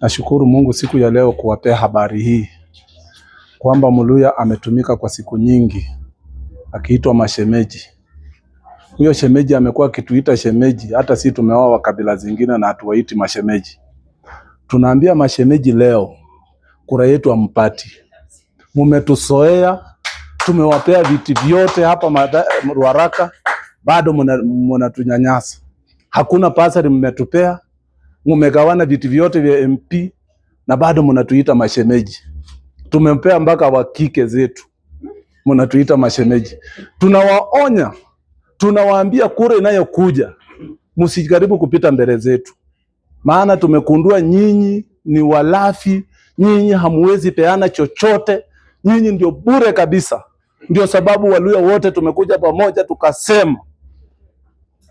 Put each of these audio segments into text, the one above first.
Nashukuru Mungu siku ya leo kuwapea habari hii kwamba Muluya ametumika kwa siku nyingi akiitwa mashemeji. Huyo shemeji amekuwa akituita shemeji, hata si tumeoa wa kabila zingine na hatuwaiti mashemeji. Tunaambia mashemeji leo, kura yetu ampati, mumetusoea, tumewapea viti vyote hapa Ruaraka, bado mnatunyanyasa. Hakuna pasari mmetupea mumegawana viti vyote vya MP na bado mnatuita mashemeji. Tumempea mpaka wa kike zetu, mnatuita mashemeji. Tunawaonya, tunawaambia kura inayokuja msijaribu kupita mbele zetu, maana tumekundua nyinyi ni walafi, nyinyi hamwezi peana chochote, nyinyi ndio bure kabisa. Ndio sababu Waluya wote tumekuja pamoja tukasema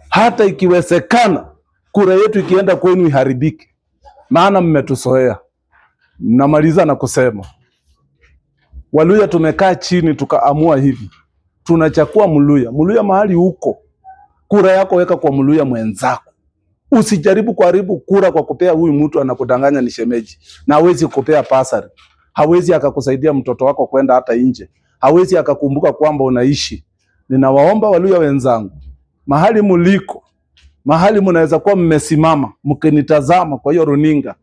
hata ikiwezekana kura yetu ikienda kwenu iharibike, maana mmetusoea. Namaliza na kusema Waluya tumekaa chini tukaamua hivi, tunachakua Mluya. Mluya mahali huko, kura yako weka kwa Mluya mwenzako. Usijaribu kuharibu kura kwa kupea huyu mtu anakudanganya ni shemeji, na hawezi kupea pasari, hawezi akakusaidia mtoto wako kwenda hata nje, hawezi akakumbuka kwamba unaishi. Ninawaomba Waluya wenzangu mahali mliko, mahali mnaweza kuwa mmesimama mkinitazama kwa hiyo runinga,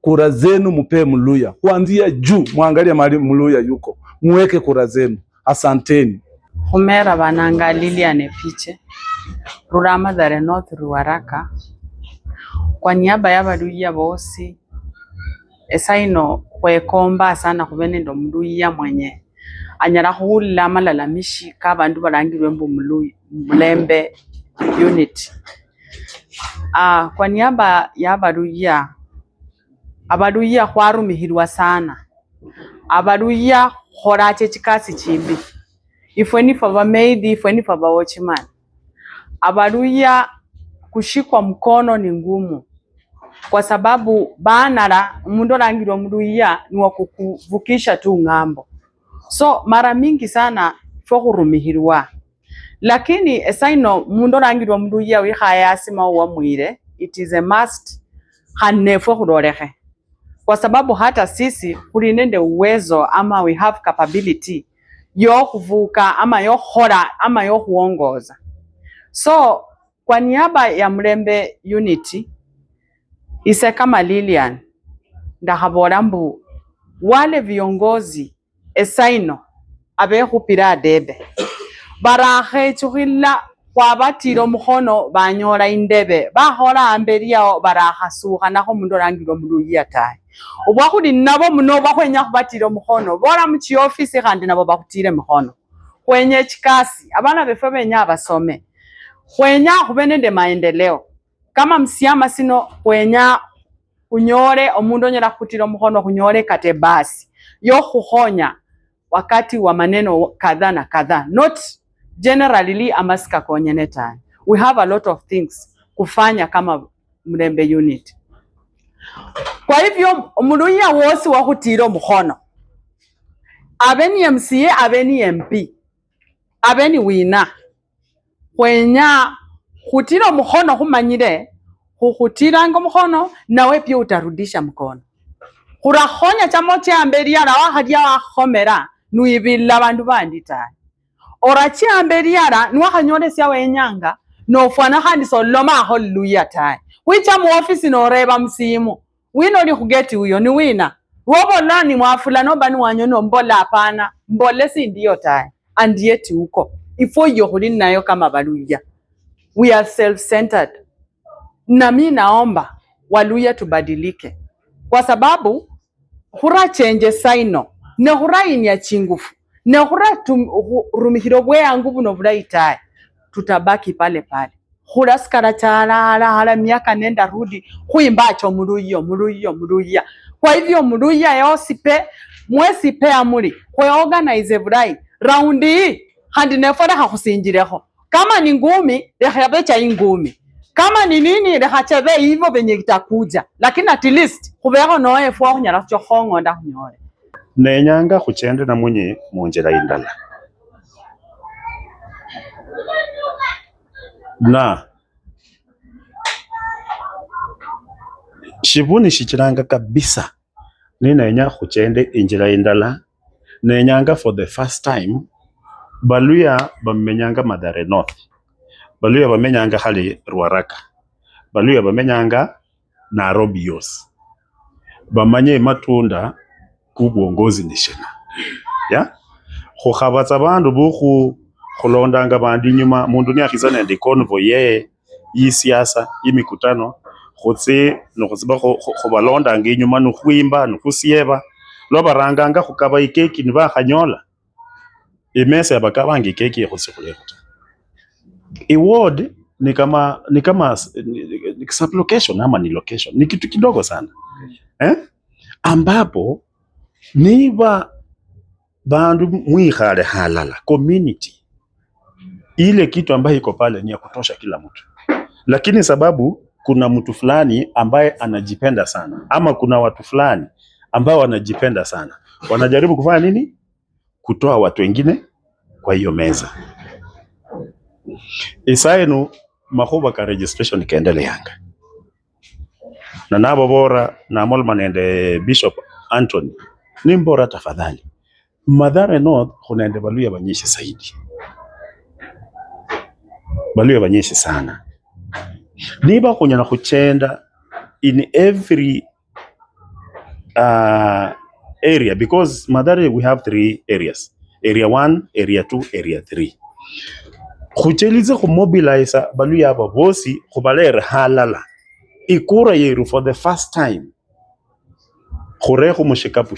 kura zenu mpee Mluya kuanzia juu, mwangalie mahali Mluya yuko, muweke kura zenu. Asanteni. khumera vananga Lilian Fiche rura Mathare North Ruaraka kwa niaba ya valuya vosi esaino kwekomba sana khuvene ndo mluya mwenye anyala khuwulila malalamishi ka vandu valangilwe mbu mulembe unit Uh, kwa niaba ya abaluya abaruya khwarumihirwa sana abaluya khorache chikasi chimbi ifwe nifwe bamaidi ifwe nifwe bawochimani abaluya kushikwa mkono ni ngumu kwa sababu baanara mundu orangirwa muruya niwa kukuvukisha tu ng'ambo so mara mingi sana fwe khurumihirwa lakini esaino eh, mundu orangirwe mundu uya wikhaye asi mauwa mwire it is a must khanefwe khulolekhe kwa sababu hata sisi khuli nende uwezo ama we have capability yokhuvuka ama yokhola ama yokhuongoza so kwa niaba ya Mulembe Unity ise kama Lilian ndakhabola mbu wale viongozi esaino eh, abekhupira adebe barakhechukhila khwabatile omukhono banyola indebe bakhola amberi yao barakhasukhanakho mundu olangile omuluya tawe obwakhuli nabo muno bakhwenya khubatile omukhono bola muchiofisi khandi nabo bakhutile mukhono khwenya chikasi abana befwe benya basome khwenya khube nende maendeleo kama msiama sino khwenya khunyole omundu onyala khutila omukhono khunyole kata ebasi yokhukhonya wakati wa maneno kadha na kadha not generally amasika konyene tani we have a lot of things kufanya kama mrembe unit kwa hivyo muluya wosi wakhutila omukhono abe ni MCA abe ni MP abe ni wina khwenya khutila omukhono khumanyile khukhutilange omukhono nawe pia utarudisha mkono khurakhonya chamo cheyambe eliala wakhalya wakhakhomela niwibilla bandu bandi tawe orachiamberiara niwakhanyolesya wenyanga khandi soloma haleluya tae wicha muofisi noreva msimu wino khugeti uyo ni wina wovola ni mwafula nomba ni wanyono mbola mbole sindiyo tae andiyeti uko ifo iyo khuli nnayo kama valuya we are self-centered nami naomba waluya tubadilike kwa sababu hurachenje saino nehurainia chingufu na khurarumihira obweyangu buno bulayi tawe, tutabaki pale pale khurasikara charaharahara miaka nenda rudi khwimbacho muluyo muluyo muluya kwa hivyo muluya yosipe mwesipe amuli khweorganize bulayi raundi hii khandi nefwe lekha khusinjilekho kama ni ngumi lekha becha ingumi kama ni nini lekha chebe hivyo venye itakuja lakini at least khubekho noefwa khunyala khucha khong'onda khunyole nenyanga khuchende namunye munjila indala na shivuni shichiranga kabisa ninenya khuchende injira indala nenyanga for the first time baluya bamenyanga madhare North baluya bamenyanga khali Ruaraka baluya bamenyanga Nairobi yosi bamanye matunda ku bwongozi nishena ya khukhabatsa bandu bukhu khulondanga bandu inyuma mundu niakhiza nende convoy yeye yisiasa yimikutano khutsi nekhutsiba khubalondanga inyuma nukhwimba nukhusyeba lwabaranganga khukaba ikeki nebakhanyola imesa e yabakabanga ikeki ekhusikhulekho ta iward e ni kama ni kama sublocation ama ni location ni kitu kidogo sana eh? ambapo niba bandu mwikhale halala community ile kitu ambayo iko pale ni ya kutosha kila mtu, lakini sababu kuna mtu fulani ambaye anajipenda sana ama kuna watu fulani ambao wanajipenda sana, wanajaribu kufanya nini? Kutoa watu wengine kwa hiyo meza. Isaenu makhuba ka registration kaendeleanga na nabo bora na Molman and Bishop Anthony ni mbora tafadhali. Madhara North kunaenda Baluya banyeshe zaidi, Baluya banyeshe sana niba na kuchenda in every uh, area because Mathare we have three areas area one area two area three khuchelize kumobilize baluya aba bosi khubalere halala ikura yeru for the first time khorekhu mushikapu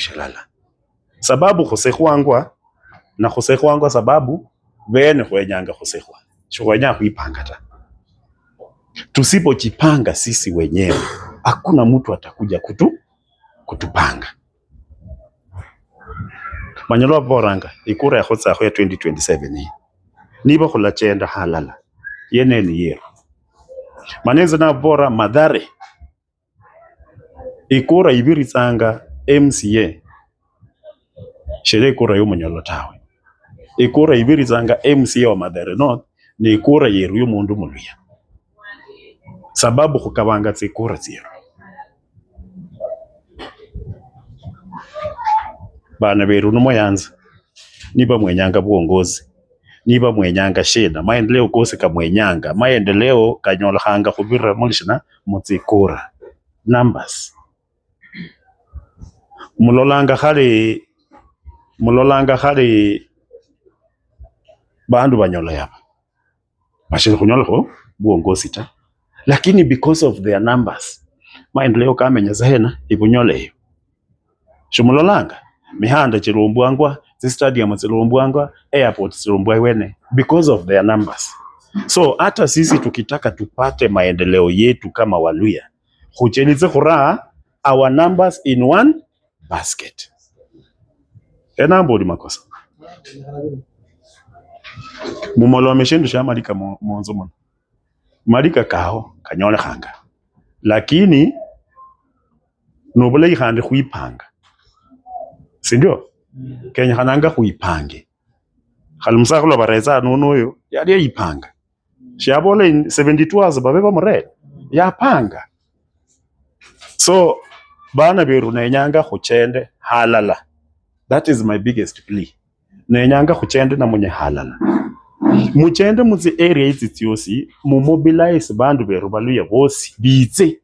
sababu khusekhwangwa na khusekhwangwa sababu bene khwenyanga khusekhwa sikhwenyaa khwipanga ta tusipojipanga sisi wenyewe hakuna mtu atakuja kutu, kutupanga manyalo aboranga ikura ya khutsakho ya 2027 hii e. niba khulachenda halala yenene yeru manenze nabora madhare ekora ibiritsanga mca shela ekora yomunyolo tawe ekora ibiritsanga mca wa mathere north ni ikura yeru yomundu muluya sababu khukabanga tsikura tsyeru bana beru nimoyanza niba mwenyanga buongozi niba mwenyanga shida maendeleo kosi kamwenyanga maendeleo kanyolekhanga khubirira mulishina mutsikura numbers mulolanga khali mulolanga khali bandu banyola yaba bashili khunyolakho buongozi ta lakini because of their numbers maendeleo kamenyeza hena ibunyoleyo shimulolanga mihanda chilumbwangwa zistadium zilumbwangwa airport zilumbwa wene because of their numbers so hata sisi tukitaka tupate maendeleo yetu kama waluya khuchelize khuraha our numbers in one basket enambo oli makosa mumolomeshendusha malika mwanzo muno malika kawo kanyolekhanga lakini nobulayi khandi khwipanga sindio khananga khwipange khali musakhulu bareza nonoyo yali yeyipanga shabola 72 hours babe bamurera yapanga so bana beru nenyanga khuchende halala that is my biggest plea nenyanga khuchende na mwenye halala muchende muzi area izi tsiosi mumobilize bandu beru baluya bosi bize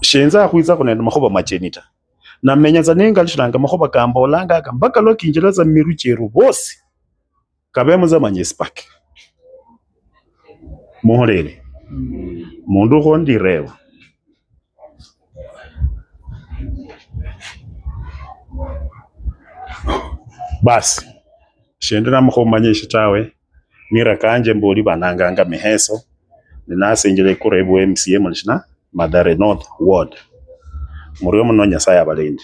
shenza akhuiza khunenda makhuba machenita namenyaza nengalishilanga makhuba kambolanga aka mpaka lwakinjelaza miru cheru bosi kabemuzamanyesi pake muholele Mundu ukondirewa. Basi shindu namukhumanyishe tawe mira kanje mbuli bananganga miheso ninasingila ikura ibwa MCA mulishina Mathare North ward murio muno nyasaye abalindi